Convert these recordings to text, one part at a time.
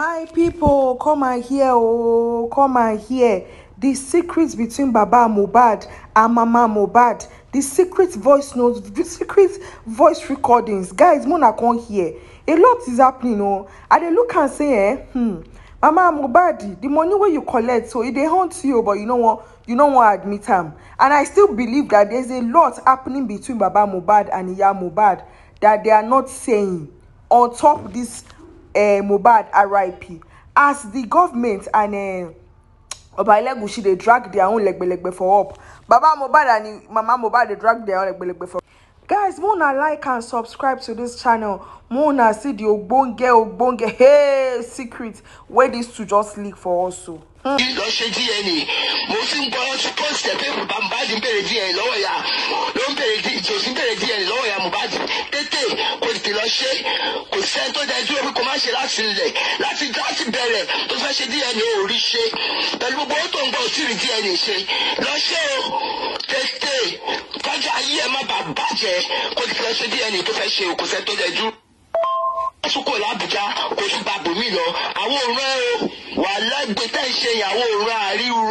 my people, come and hear Oh, come and hear The secret between baba mohbad and mama mohbad The secret voice notes di secret voice recordings guys mo na come hear a lot is happening oh! i dey look am say eh hmm mama mohbad the money wey you collect so e dey haunt you but you no wan you no wan admit am and i still believe that there is a lot happening between baba mohbad and iya mohbad that they are not saying on top this uh, mohbad rip as di government and uh, ọba elegushi dey drag their own legbelegbe for up baba mohbad and mama mohbad dey drag their own legbelegbe for guys mo na like and subscribe to dis channel mo na see di ogbonge ogbonge hey, secret wey dis two just leak for us o lọ ṣe DNA e. mo sì ń gbọ́ sí pọ́sìtẹ̀ pé Mohbad ń bèrè DNA e lọ́wọ́ ya ló ń bèrè ìjòsí e, ń bèrè DNA lọ́wọ́ ya Mohbad tètè kò tètè lọ ṣe kò sẹ́ni tó dájú omi kò má ṣe láti lẹ̀ láti láti bẹ̀rẹ̀ tó fẹ́ ṣe DNA ò rí ṣe pẹ̀lú gbogbo ó tó ń gbọ́ sí rí DNA ṣe lọ ṣe o tètè kájà ayé ẹ má bàa bàjẹ́ kò tètè lọ ṣe DNA tó fẹ́ ṣe kò sẹ́ni tó dájú. lásìkò alágbe tá ń ṣe ìyàwó òun àríwò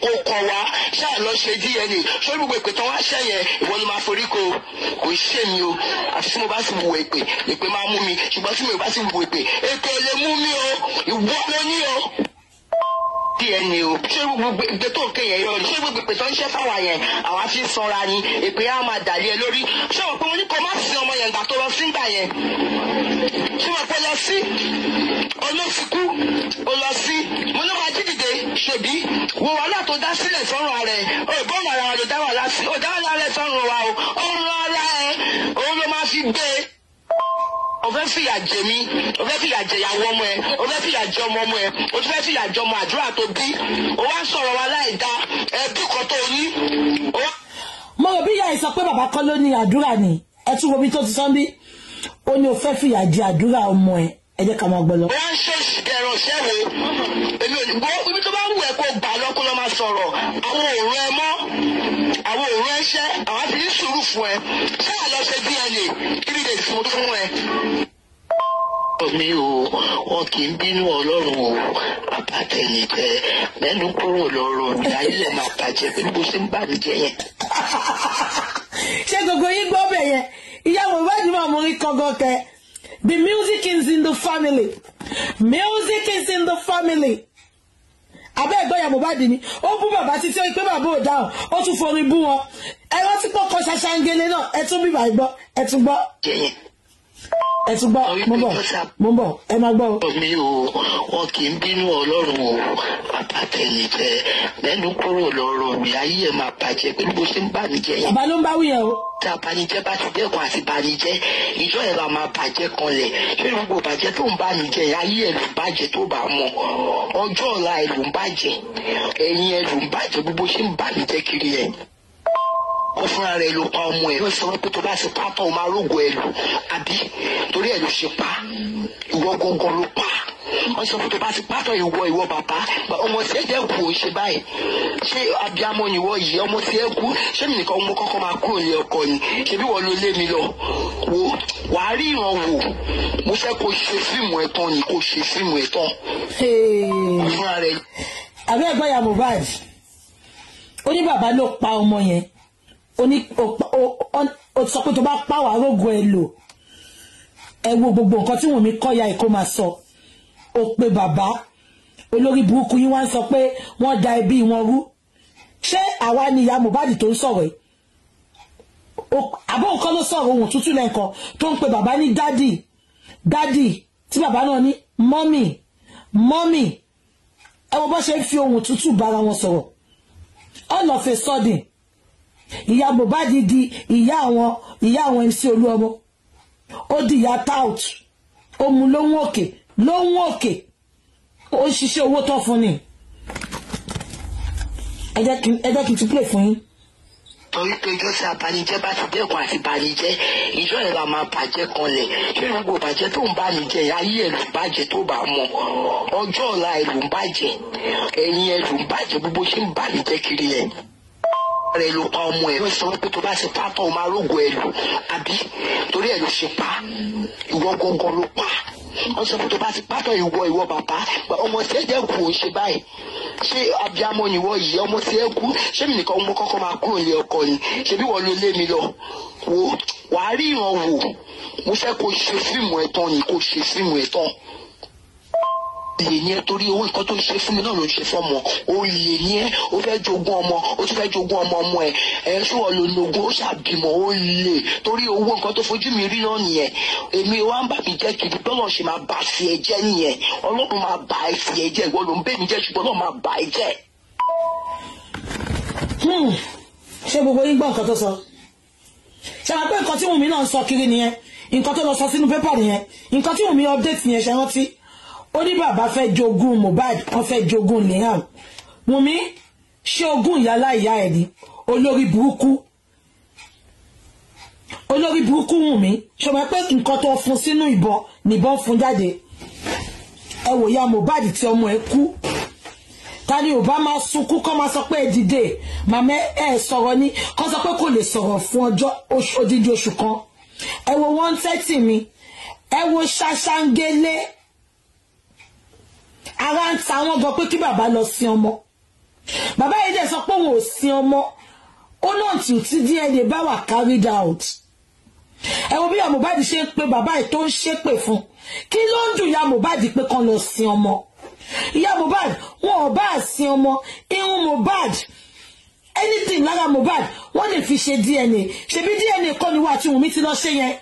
kò kọ̀ wá ṣáà lọ ṣe DNA ṣé gbogbo èpè tán wá ṣẹ́ yẹn ìwọ ló máa forí ko kò ṣe mi o àfi tí mo bá sì wù èpè èpè máa mú mi ṣùgbọ́n tí mo bá sì wù èpè èpè ò lè mú mi o ìwọ ló ní o dna o ṣé gbogbo ìgbé tó ń kéye irọ́ ni ṣé gbogbo ìpè tó ń ṣe fáwa yẹn àwa fi ń sanra ni ìpè á máa dàlí ẹ lórí ṣé wọn pé wọn ní kó má sin ọmọ yẹn gbà tó lọ sí gbà yẹn ṣé wọn pé lọ sí olóṣìkú olọsí mo ló máa dídìde ṣèbí wo wàhálà tó dá sílẹ̀ sọ́run ara ẹ̀ òbọ̀n ara rẹ̀ dá wàhálà sí òdá wàhálà rẹ̀ sọ́run wa o ọ̀run ara ẹ̀ òun ló máa fi gbé e fìyà jẹ mí o fẹ́ fìyà jẹ ìyàwó ọmọ ẹ o fẹ́ fìyà jẹ ọmọ ọmọ ẹ o fẹ́ fìyà jẹ ọmọ àdúrà tó bí o wá sọ̀rọ̀ wa láì da ẹbí kan tó ní. mo rò bí ìyá ẹ sọ pé bàbá kọ́ ló ní àdúrà ni ẹ tún wo bí tó ti sọ bí ó ní o fẹ́ fìyà jẹ àdúrà ọmọ ẹ ẹ jẹ́ ká máa gbọ́ lọ. wọ́n á ṣe ìṣẹ̀rọ̀ ṣẹ́wó èmi ò ní gbọ́ ibi tó bá wù ẹ́ kó gbà lọ kó máa sọ̀rọ̀ àwọn òru ẹ mọ́ àwọn òru ẹ ṣẹ́ àwọn á ní sùúrù fún ẹ ṣáà lọ ṣe DNA three days fún ẹ. mi o wọn kì í bínú ọlọ́run o àbátẹ̀yìn tẹ mẹ́nu kúrò lọ́rọ̀ ní ayílẹ̀ máa bàjẹ́ pẹ̀lú bó ṣe ń gbogbo yín gbọ́ bẹ̀ yẹn máa mú rí kọ́gọ́ the music is in the family music is in family abẹ́ ẹ̀gbọ́n ni ó bú bàbá títí ó pé bàbá ò ọ ó tún bú wọn ẹ ṣaṣangele náà ẹ tún gbọ́ ẹ tún ẹ tún gbọ́ mo bọ̀ mo bọ̀ ẹ máa gbọ́. mi ò wọn kì í bínú ọlọ́run o àtẹnìjẹ lẹ́nu kúrò lọ́rọ̀ mi ayé ẹ̀ máa bàjẹ́ pẹ̀lú bó ṣe ń bà mí jẹ́ bàbá ló ń bá wíyẹn o. tí abanijẹ́ bá ti dẹ́kun àti banijẹ́ ìjọ ẹ̀ la máa bàjẹ́ kanlẹ̀ irú gbogbo bàjẹ́ tó ń bà mí jẹ́ ayé ẹ̀ ló ń bàjẹ́ tó bá mọ̀ ọjọ́ ọ̀la ẹ̀ ló ń bàjẹ́ ẹ̀yìn ẹ̀ ló ń bàjẹ́ gbogbo ṣe ń bà mí jẹ́ kiri yẹn kó fúnra rẹ̀ ló pa ọmọ ẹ̀ ló sọ pé tó bá ṣe pátá o máa rògbò ẹ̀ àbí torí ẹ̀ ló ṣe pa ìwọ gangan ló pa wọ́n sọ fún tó bá ti pátọ̀ ìwọ ìwọ bàbá ọmọ tí ẹ jẹ́ kú ṣe báyìí ṣé abiyamọ ìwọ yìí ọmọ tí ẹ kú ṣé mi nìkan mo kọ́kọ́ máa kúrò ní ọkọ ni ṣebí wọ́n ló lé mi lọ wo wàá rí ìran wò mo fẹ́ kó ṣe fíìmù ẹ̀ tán ni kó ṣe fíìmù ẹ̀ tán. fúnra rẹ̀. àbẹ́ ẹ̀gbọ́n Mohbad ó ní bàbá ló pa ọmọ yẹn Oni o sọ pé tó bá pàwọ́ arógo ẹ lò ẹ wo gbogbo nǹkan tí Wùnmí Kọ́yà Èkó máa sọ o pe bàbá olórí burúkú yín wá ń sọ pé wọ́n da ẹbí wọn rú ṣé àwa ni ìyá Mohbad tó ń sọ̀rọ̀ yìí àbọ̀ nǹkan ló sọ̀rọ̀ ohun tútù lẹ́ǹkan tó ń pe bàbá ní dádì dádì tí bàbá náà ní mọ́mì mọ́mì ẹ wo bó ṣe ń fi ohun tútù bára wọn sọ̀rọ̀ all of a sudden ìyá Mohbad di ìyá àwọn ìyá àwọn MC Olúọmọ ó di ìyá tout ó mu lóhun òkè lóhun òkè ó ń ṣiṣẹ́ owó tán fún ni ẹ jẹ́ kí n tún play fún yín torí pé ijó tí abanijẹ́ bá ti dẹ́kun àti banijẹ́ ìjọ ẹ̀ la máa bàjẹ́ kanlẹ̀ ṣé gbogbo bàjẹ́ tó ń banijẹ́ ayé ẹ̀ ló ń bàjẹ́ tó bá mọ̀ ọjọ́ ọ̀la ẹ̀ ló ń bàjẹ́ ẹ̀yìn ẹ̀ ló ń bàjẹ́ gbogbo ṣé ń banijẹ́ kiri ẹ̀ rẹ̀ ló pa ọmọ ẹ̀ lóye sọ wípé tó bá ṣe pátọ́ o máa rógo lù àbí torí ẹ̀ ló ṣe pa ìwọ gangan ló pa wọ́n sọ pé tó bá ti pátọ́ ìwọ ìwọ bàbá ọmọ tí ẹ jẹ́ kù ó ṣe báyìí ṣé abiyamọ nìwọ yìí ọmọ tí ẹ kú ṣé mi nìkan mo kọ́kọ́ máa kúrò ní ọkọ ni ṣebí wọ́n ló lé mi lọ wàá rí ìran mo fẹ́ kó ṣe fíìmù ẹ̀ tán ni kó ṣe fíìmù ẹ̀ tán lè ní ẹ torí owó nǹkan tó ń ṣe fún mi náà ló ń ṣe fọmọ ó lè ní ẹ ó fẹ́ jogún ọmọ ó tún fẹ́ jogún ọmọ ọmọ ẹ ẹ sùn ọlọ́nogún ó ṣàbímọ ó lè torí owó nǹkan tó fojú mi rí náà nìyẹn èmi wa ń bà mí jẹ́ kiri bọ́lọ̀ ṣe máa bà sí ẹ jẹ́ nìyẹn ọlọ́run máa bà ẹ sí ẹ jẹ́ ìwọ ló ń bẹ̀ mí jẹ́ ṣùgbọ́n náà máa bà ẹ jẹ́. Hmm. ṣé gbogbo yín gbọ́ nǹkan tó sọ nǹkan tí wùmí náà update nìyẹn ṣe rántí ó ní bàbá fẹ́ jogún Mohbad wọ́n fẹ́ jogún Liam Wùmí ṣé ogún ìyálà ìyá ẹ̀ ni olórí burúkú olórí burúkú Wùmí ṣọmọ pé nǹkan tó fún sínú ìbọn nìbọn fún jáde ẹ wò ya Mohbad tí ọmọ ẹ̀ kú ta ni ò bá máa sunkún kọ́ máa sọ pé ẹ dìde màmá ẹ sọ̀rọ̀ ni kọ́ sọ pé kò lè sọ̀rọ̀ fún ọjọ́ odidi oṣù kan ẹ wo one thirty mi ẹ wo ṣaṣangele ara ń ta wọn gan pé kí bàbá lọ sin ọmọ bàbá yìí dẹ̀ sọ pé òun ò sin ọmọ ó náà tì tí DNA bá wà carried out ẹ wo bí ìyá Mohbad ṣe ń pe bàbá yìí tó ń ṣépè fún kí ló ń dùn ìyá Mohbad pé kan lọ sin ọmọ ìyá Mohbad wọn ò bá sin ọmọ irun Mohbad anything lára Mohbad wọn lè fi ṣe DNA ṣebí DNA kọ́ ni wà tí Wùnmí ti lọ ṣe yẹn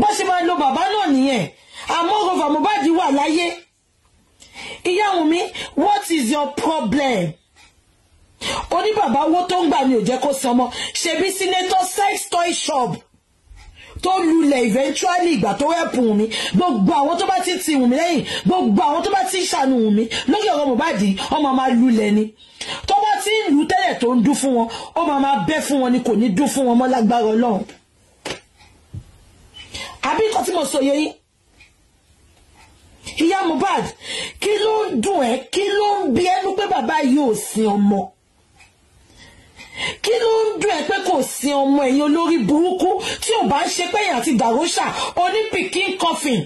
bó ṣe máa lo bàbá náà nìyẹn àmọ́ rọ̀fà Mohbad wà láyé ìyá Wùnmí what is your problem? ó ní bàbá owó tó ń gbà ní ó jẹ́ kó sanmọ́ ṣebí sínétọ́ sex toy shop tó lulẹ̀ eventually ìgbà tó wẹ̀pù Wùnmí gbogbo àwọn tó bá ti ti Wùnmí lẹ́yìn gbogbo àwọn tó bá ti ṣàánú Wùnmí lókè ọ̀rọ̀ Mohbad ọmọ máa lulẹ̀ ni tó bá ti ń lu tẹ́lẹ̀ tó ń dún fún wọn ó máa máa bẹ́ fún wọn ni kò ní dún fún wọn mọ́ lágbára Ọlọ́run àbí tí mo sọ yẹ yín ìyá Mohbad kí ló ń dùn ẹ́ kí ló ń bí ẹnu pé bàbá yìí ò sin ọmọ kí ló ń dùn ẹ́ pé kò sin ọmọ ẹ̀yin olórí burúkú tí ò bá ń ṣe pẹ́yìn àti dàrósà onípìkín coffin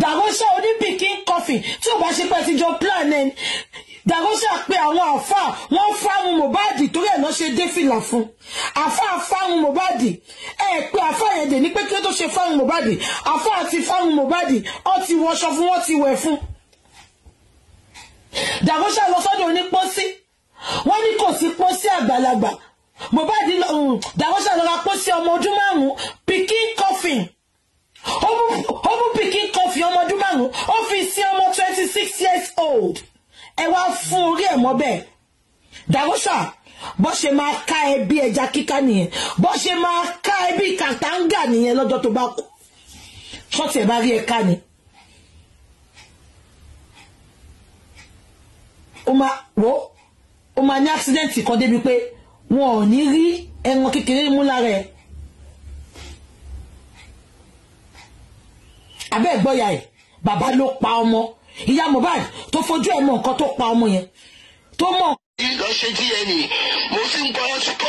dàrósà onípìkín coffin tí ò bá ṣe pé ti jọ plan ẹ dàrúṣà pé àwọn àáfàá wọ́n fáwọn Mohbad torí ẹ̀ náà ṣe dé fìlà fún àáfàá fáwọn Mohbad ẹ pé àáfàá yẹn dè ní pé kí ó tó ṣe fáwọn Mohbad àáfàá ti fáwọn Mohbad ó ti wọṣọ fún wọ́n ti wẹ̀ fún dàrúṣà lọ sọ́dọ̀ onípọ́sí wọ́n ní kò sí pọ́sí àgbàlagbà Mohbad mm, dàrúṣà lọ ra pọ́sí ọmọ ọdún márùn-ún pikin coffin ó mú pikin coffin ọmọ ọdún márùn-ún ó fi sí ọmọ twenty six years old ẹ wá fún orí ẹ̀ mọ́ bẹ́ẹ̀ dàgọ́sà bó ṣe máa ká ẹ bí ẹja kíká nìyẹn bó ṣe máa ká ẹ bí nìyẹn lọ́jọ́ tó bá kú ṣọ́ọ̀tì ẹ̀ bá rí ẹ ká ni. ó máa wò ó máa ní accident kan débi pé wọn ò ní rí ẹran kékeré mú lára ẹ. abẹ́ ẹ̀gbọ́ya ẹ̀ bàbá ló pa ọmọ ìyá Mohbad tó fojú ẹ̀ mọ nǹkan tó pa ọmọ yẹn tó mọ. ìlọsẹ díẹ̀ ni mo ti ń gbọ́ ọtí pọ.